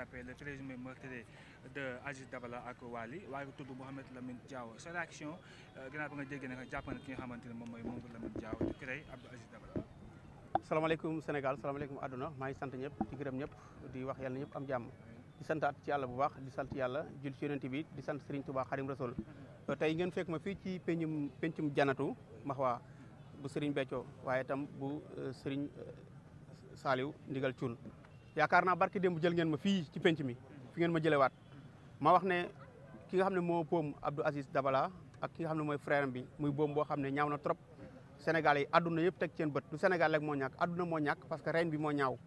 jàppee le présumé meurtrier de Aziz Dabala ak Wali waaye ko tudd Mouhamed Lamine Diaw sa réaction euh, gannaaw ba nga déggee nag jàpp na ki nga xamante ne moom mooy Mamadou Lamine Diaw di àdduna maa sant ñëpp di gërëm ñëpp di wax yàlla na am jàmm di santaat ci yàlla bu baax di sant yàlla jul ci yonent bi di sant Serigne Touba Xadim Rasul euh, tey ngeen fekk ma fii ci pencum pencum janatu Maxwa bu Serigne Béthio waaye itam bu euh, Serigne Saliou Ndigal Thioune yaakaar naa barki démb jël ngeen ma fii ci penc mi fi ngeen ma jëlewaat ma wax ne ki nga xam ne moo boom Abdou Aziz Dabala ak ki nga xam ne mooy frère bi muy boom boo xam ne ñaaw na trop Sénégal yi adduna yëpp teg seen bët du Sénégal rek moo ñàkk adduna moo ñàkk parce que reen bi moo ñaaw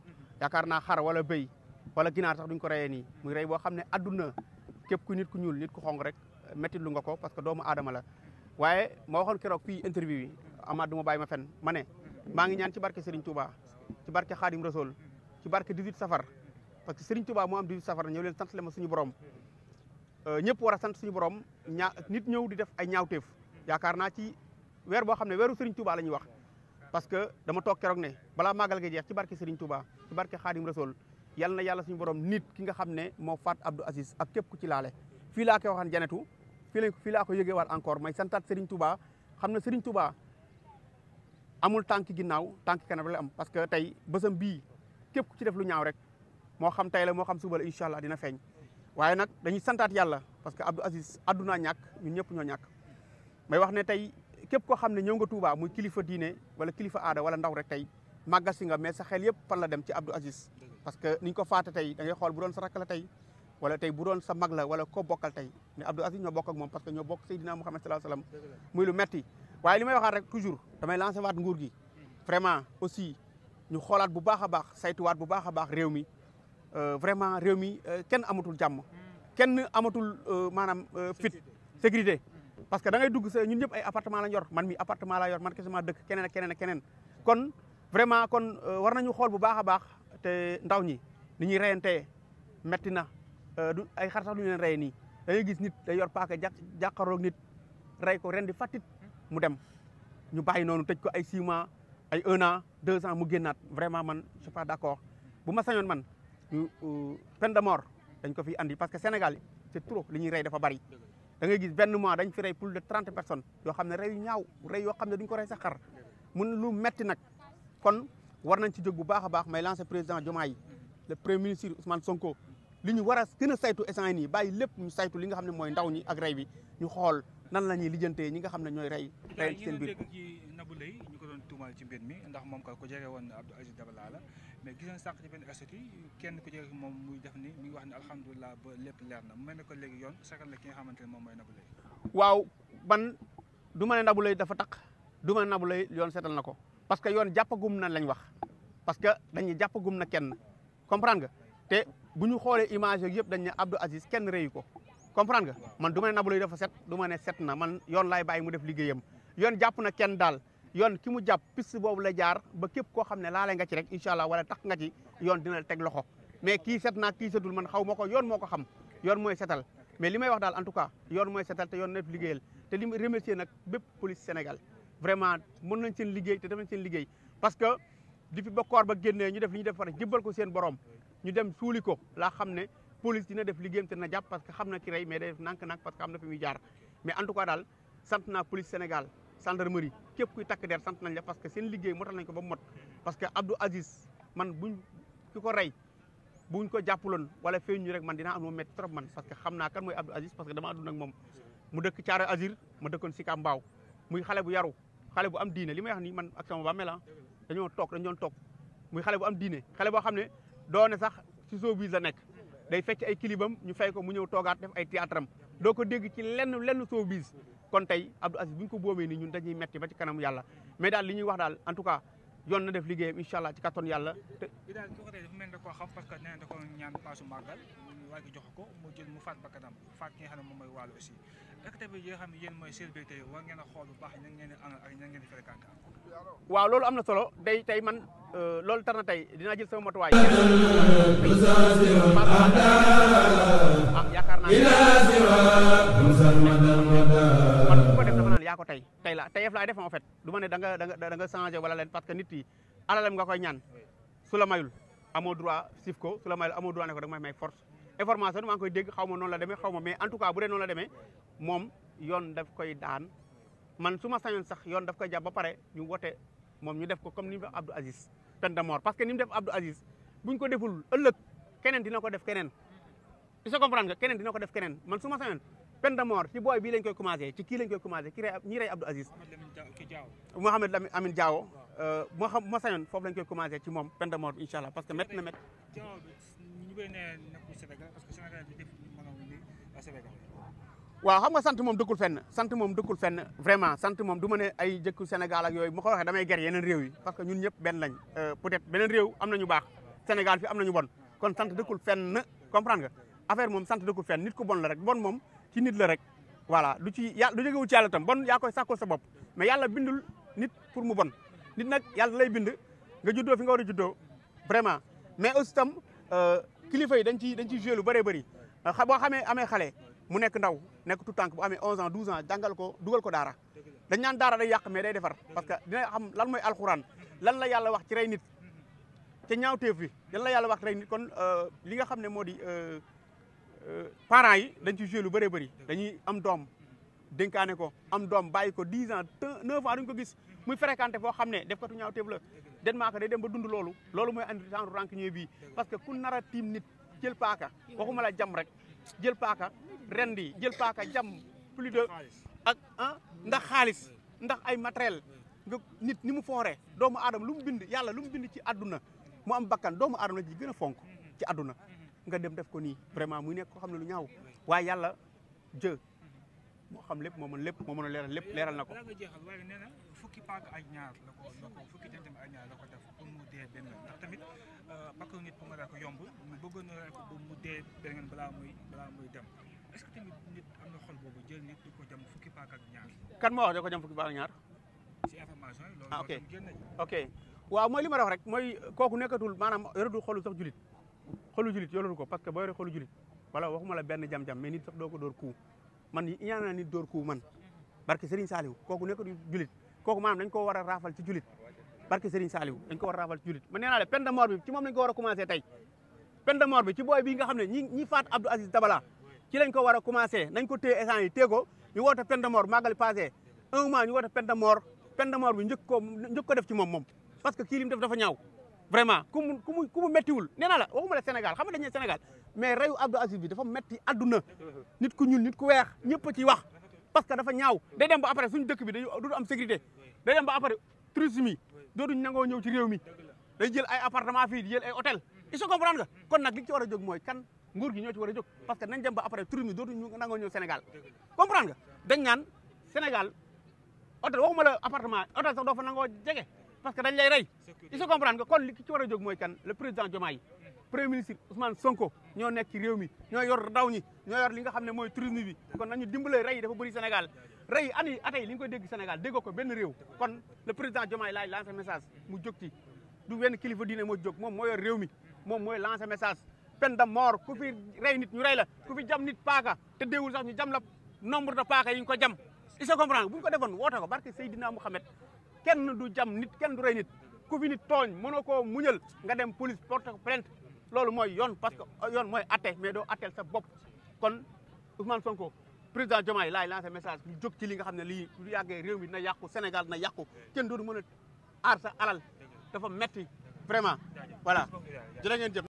yaakaar naa xar wala béy wala ginaar sax duñ ko reyee nii muy rey boo xam ne adduna képp ku nit ku ñuul nit ku xonq rek métti lu nga ko parce que doomu aadama la waaye ma waxoon keroog fii interview bi amaat ma bàyyi ma fen ma ne maa ngi ñaan ci barke Serigne Touba ci barke Khadim Rasoul ci barke 18 safar parce que Serigne Touba moo am 18 safar ñëw leen sant le suñu borom euh, ñëpp war a sant suñu borom ñaa nit ñëw di def ay ñaawteef yaakaar naa ci weer boo xam ne weeru Serigne Touba la ñuy wax parce que dama toog keroog ne balaa màggal ga jeex ci barke Serigne Touba ci barke Xaadim Rasool yal na yàlla suñu borom nit ki nga xam ne moo faat Abdou Aziz ak képp ku ci laale fii laa koy waxaan janetu fii lañ fii laa ko yëgee waat encore may santaat Serigne Touba xam ne Serigne Touba amul tànk ginnaaw tànk kanam la am parce que tey bësam bii képp ku ci def lu ñaaw rek moo xam tey la moo xam suba la incha allah dina feeñ waaye nag dañuy santaat yàlla parce que Abdou Aziz àdduna ñàkk ñun ñëpp ñoo ñàkk may wax ne tey képp koo xam ne ñëw nga Touba muy kilifa diine wala kilifa aada wala ndaw rek tey màggal si nga mais sa xel yëpp fan la dem ci Abdou Aziz parce que niñ ko faate tey da ngay xool bu doon sa rakk la tey wala tey bu doon sa mag la wala ko bokkal tey ne Abdou Aziz ñoo bokk ak moom parce que ñoo bokk Seydina Muhammad sallallahu alayhi wasallam muy lu metti waaye li may waxaat rek toujours damay lancer waat nguur gi vraiment aussi ñu xoolaat bu baax a baax saytuwaat bu baax a baax réew mi euh, vraiment réew mi euh, kenn amatul jàmm kenn amatul euh, maanaam fit sécurité parce que da ngay dugg sa ñun ñëpp ay appartement lañ yor man mi appartement laa yor man kese sema dëkk keneen ak keneen ak kon vraiment kon war nañu xool bu baax a baax te ndaw ñi ni ñuy reyantee metti na du ay xar sax du ñu rey nii gis nit day jà jàqaroog nit rey ko ren di fàttit mu dem ñu bàyyi noonu tëj ko ay six ay un an deux ans mu génnaat vraiment man je suis pas d'accord bu ma man ñu euh, peine de mort dañ ko fi andi parce que Sénégal c'est trop li ñuy rey dafa bari da ngay gis benn mois dañ fi rey plus de trente personnes yoo xam ne rey ñaaw rey yoo xam ne duñ ko rey sa xar mun lu metti nag kon war nañ ci jóg bu baax a baax may lance président Diomaye le premier ministre Ousmane Sonko li ñu war a a saytu essence yi nii bàyyi lépp ñu saytu li nga xam ne mooy ndaw ñi ak rey bi ñu xool nan la ñuy lijjantee ñi nga xam ne ñooy rey rey seen biir tuumal ci mbir mi ndax moom kat ko jege woon Abdou Aziz Dabala la mais gisoon sànq ci benn statut kenn ku jege moom muy def ni mi ngi wax ne alhamdulilah ba lépp leer na mu mel ne ko léegi yoon sakal la ki nga xamante ne moom mooy Nabou Leye waaw man du ma ne Nabou dafa taq du ma ne Nabou Leye na ko parce que yoon jàppagum na lañ wax parce que dañuy jàppagum na kenn comprendre nga te bu ñu xoolee image yooyu yëpp dañ ne Abdou Aziz kenn réyu ko comprendre nga man du ma ne Nabou Leye dafa set du ma ne set na man yoon lay bàyyi mu def liggéeyam yoon jàpp na kenn daal yoon ki mu jàpp piste boobu la jaar ba képp koo xam ne laale nga ci rek incha allah wala tax nga ci yoon dina la teg loxo mais kii set naa kii man xaw ma ko yoon moo ko xam yoon mooy setal mais li may wax daal en tout cas yoon mooy setal te yoon na liggéeyal te li mu remercier nag bépp police Sénégal vraiment mën nañ seen liggéey te def nañ liggéey parce que di fi ba koor ñu def ñu def fara jëbbal ko seen borom ñu dem suuli ko laa xam ne police dina def liggéeyam te na jàpp parce que xam na ki rey mais day def nank-nank parce que am na fi muy jaar mais en tout cas daal sant naa police Sénégal gendarmerie képp kuy takk der sant nañ la parce que seen liggéey motal nañ ko ba mot parce que Abdou Aziz man buñ ki ko rey buñ ko jàppaloon wala feeñ rek man dinaa am moom trop man parce que xam naa kan mooy Abdou Aziz parce que dama àdduna ak moom mu dëkk Thiaroye Azur ma dëkkoon Sika Mbaaw muy xale bu yaru xale bu am diine li ma wax ni man ak sama bàmmeel ah, dañoo toog dañu doon toog muy xale bu am diine xale boo xam ne doone sax ci showbiz la nekk day fecc ay kilibam ñu fay ko mu ñëw toogaat def ay théâtre am doo ko dégg ci lenn lenn showbiz kon tey Abdou Aziz bu ñu ko boomee nii ñun dañuy metti ba ci kanam yàlla mais daal li ñuy wax daal en tout cas yoon na def liggéeyam incha allah ci kattan yàlla. bi daal su ko defee dafa mel ne koo xam na da ko ñaan paasu màggal a xool bu baax ñan ngeen di àndal waaw loolu am na solo day tey man euh, loolu tar na tey dinaa jël sama matuwaay. tey tey la tey yëf laay def en ma ne da nga da nga da nga changé wala leen parce que nit yi alalam nga koy ñaan su la mayul amoo droit sif ko su la mayul amoo droit ne ko da nga may ma noonu la demee xaw ma mais en tout cas bu dee noonu la demee moom yoon daf koy daan man su ma sañoon sax yoon daf koy jàpp ba pare ñu wote moom ñu def ko comme ni mu def Abdou de mort parce que ni mu def Abdou Aziz buñ ko deful ëllëg keneen dina ko def keneen. tu dina ko def keneen man su ma sañoon peine de mort ci booy bii lañ koy commencé ci kii lañ koy commencé ki rey ñi rey Abdou Aziz Mouhamed Amin Diawo moo xam ma sañoon foofu lañ koy commencé ci moom peine de mort bi incha allah parce que métti na métti waaw xam nga sant moom dëkkul fenn sant moom dëkkul fenn vraiment sant moom du ma ay jëkku Sénégal ak yooyu ma ko waxee damay ger yeneen réew yi parce que ñun ñëpp benn lañ euh, peut-être beneen réew am nañu baax Sénégal fi am nañu bon kon sant dëkkul fenn comprendre nga affaire moom sant dëkkul fenn nit ku bon la rek bon moom ci nit la rek voilà lu ci yàlla lu jógewul ci yàlla tam bon yaa koy sàkkoo sa bopp mais yàlla bindul nit pour mu bon nit nag yàlla lay bind nga juddoo fi nga war a juddoo vraiment mais aussi tam euh, kilifa yi dañ ciy dañ ciy joué lu bëree bëri euh, boo xamee amee xale mu nekk ndaw nekk tout tànk bu amee 11 ans 12 ans jàngal ko dugal ko daara dañ ñaan daara day yàq mais day defar parce que dina xam lan mooy alxuraan lan la yàlla wax ci rey nit ca ñaawteef yàlla wax rey nit kon euh, li nga xam ne moo di Euh, parent yi dañ ci joué lu bëree bëri dañuy am doom dénkaane ko am doom bàyyi ko dix ans neuf ans duñ ko gis muy fréquenté foo xam ne def ko tu ñaaw téef la den maa ko day dem ba dund loolu loolu mooy andi genre rancunier bii parce que ku nar a tiim nit jël paaka waxuma la jam rek jël paaka rend jël paaka jam plus de ak ah ndax xaalis ndax ay matériel nga nit ni mu foore doomu aadama lu mu bind yàlla lu mu bind ci àdduna mu am bakkan doomu aadama la ci gën a fonk ci àdduna nga dem def ko nii vraiment muy nekk ko xam ne lu ñaaw waaye yàlla jë moo xam lépp moo mën lépp moo mën a leeral lépp leeral na ko. waaye nee na fukki paak ak ñaar la ko la ko fukki jant ak ñaar la ko def ba mu dee benn ndax tamit bakku euh, nit pour nga daal ko yomb mu bëggoon na mu dee benn balaa muy balaa muy dem est-ce boobu jël nit di ko fukki paak ak ñaar. kan moo wax da ko jam fukki paak ak ñaar. ci information yi. ah ok loolu waaw mooy li ma wax rek mooy kooku nekkatul maanaam yoratul xolu sax julit xolu julit yoolul ko parce que boo yore julit wala waxuma la benn jam-jam mais nit sax doo ko dóor kuu man ñaan naa nit dóor kuu man barke Serigne Saliou kooku nekk julit kooku maanaam dañ koo war a raafal ci julit barke Serigne Saliou dañ ko war a raafal ci julit man nee naa la peine de mort bi ci moom lañ ko war a commencé tey peine de mort bi ci booy bii nga xam ne ñi ñi faat Abdou Aziz Dabala ci lañ ko a commencé nañ ko téye essence yi ko ñu woote peine ko njëkk ko def ci moom moom parce que kii lim dafa ñaaw vraiment ku mu ku mu ku la waxuma la Sénégal xam nga dañu Sénégal mais reyu Abdou Aziz dafa metti adduna nit ku ñuul nit ku weex ñëpp a ciy wax parce que dafa ñaaw day dem ba après suñu dëkk bi day du am sécurité day dem ba après tourisme yi dootuñ nangoo ñëw ci réew mi day jël ay appartement fii di jël ay hôtel il se kon nag li ci war a jóg mooy kan nguur gi ñoo ci war a jóg parce que nañ dem ba après tourisme yi dootuñ nangoo ñëw Sénégal dañ naan Sénégal hôtel waxuma la appartement hôtel sax doo fa nangoo parce que dañ lay rey il se comprendre kon li ci war a mooy kan le président Diomaye premier ministre Ousmane Sonko ñoo nekk ci réew mi ñoo yor ndaw ñi ñoo yor li nga xam ne mooy tourisme bi kon nañu dimbale rey dafa bëri Sénégal rey an atay li nga Sénégal déggoo ko benn réew kon le président Diomaye laay lancé message mu jóg ci du benn kilifa diine moo jog moom moo yor réew mi moom mooy lancé message peine de mort ku fi rey nit ñu rey la ku fi jam nit paaka te déewul sax ñu jam la ko jam il se comprendre bu kenn du jam nit kenn du rey nit ku fi nit tooñ mënoo koo muñal nga dem police porte plainte lool mooy yoon parce que yoon mooy atte mais doo atteel sa bopp kon Ousmane Sonko président Diomaye laay lancé message ñu jóg ci li nga xam ne lii lu yàggee réew mi dina yàqu Sénégal dina yàqu kenn dootu mën a aar sa alal dafa metti vraiment voilà jërë ngeen jëf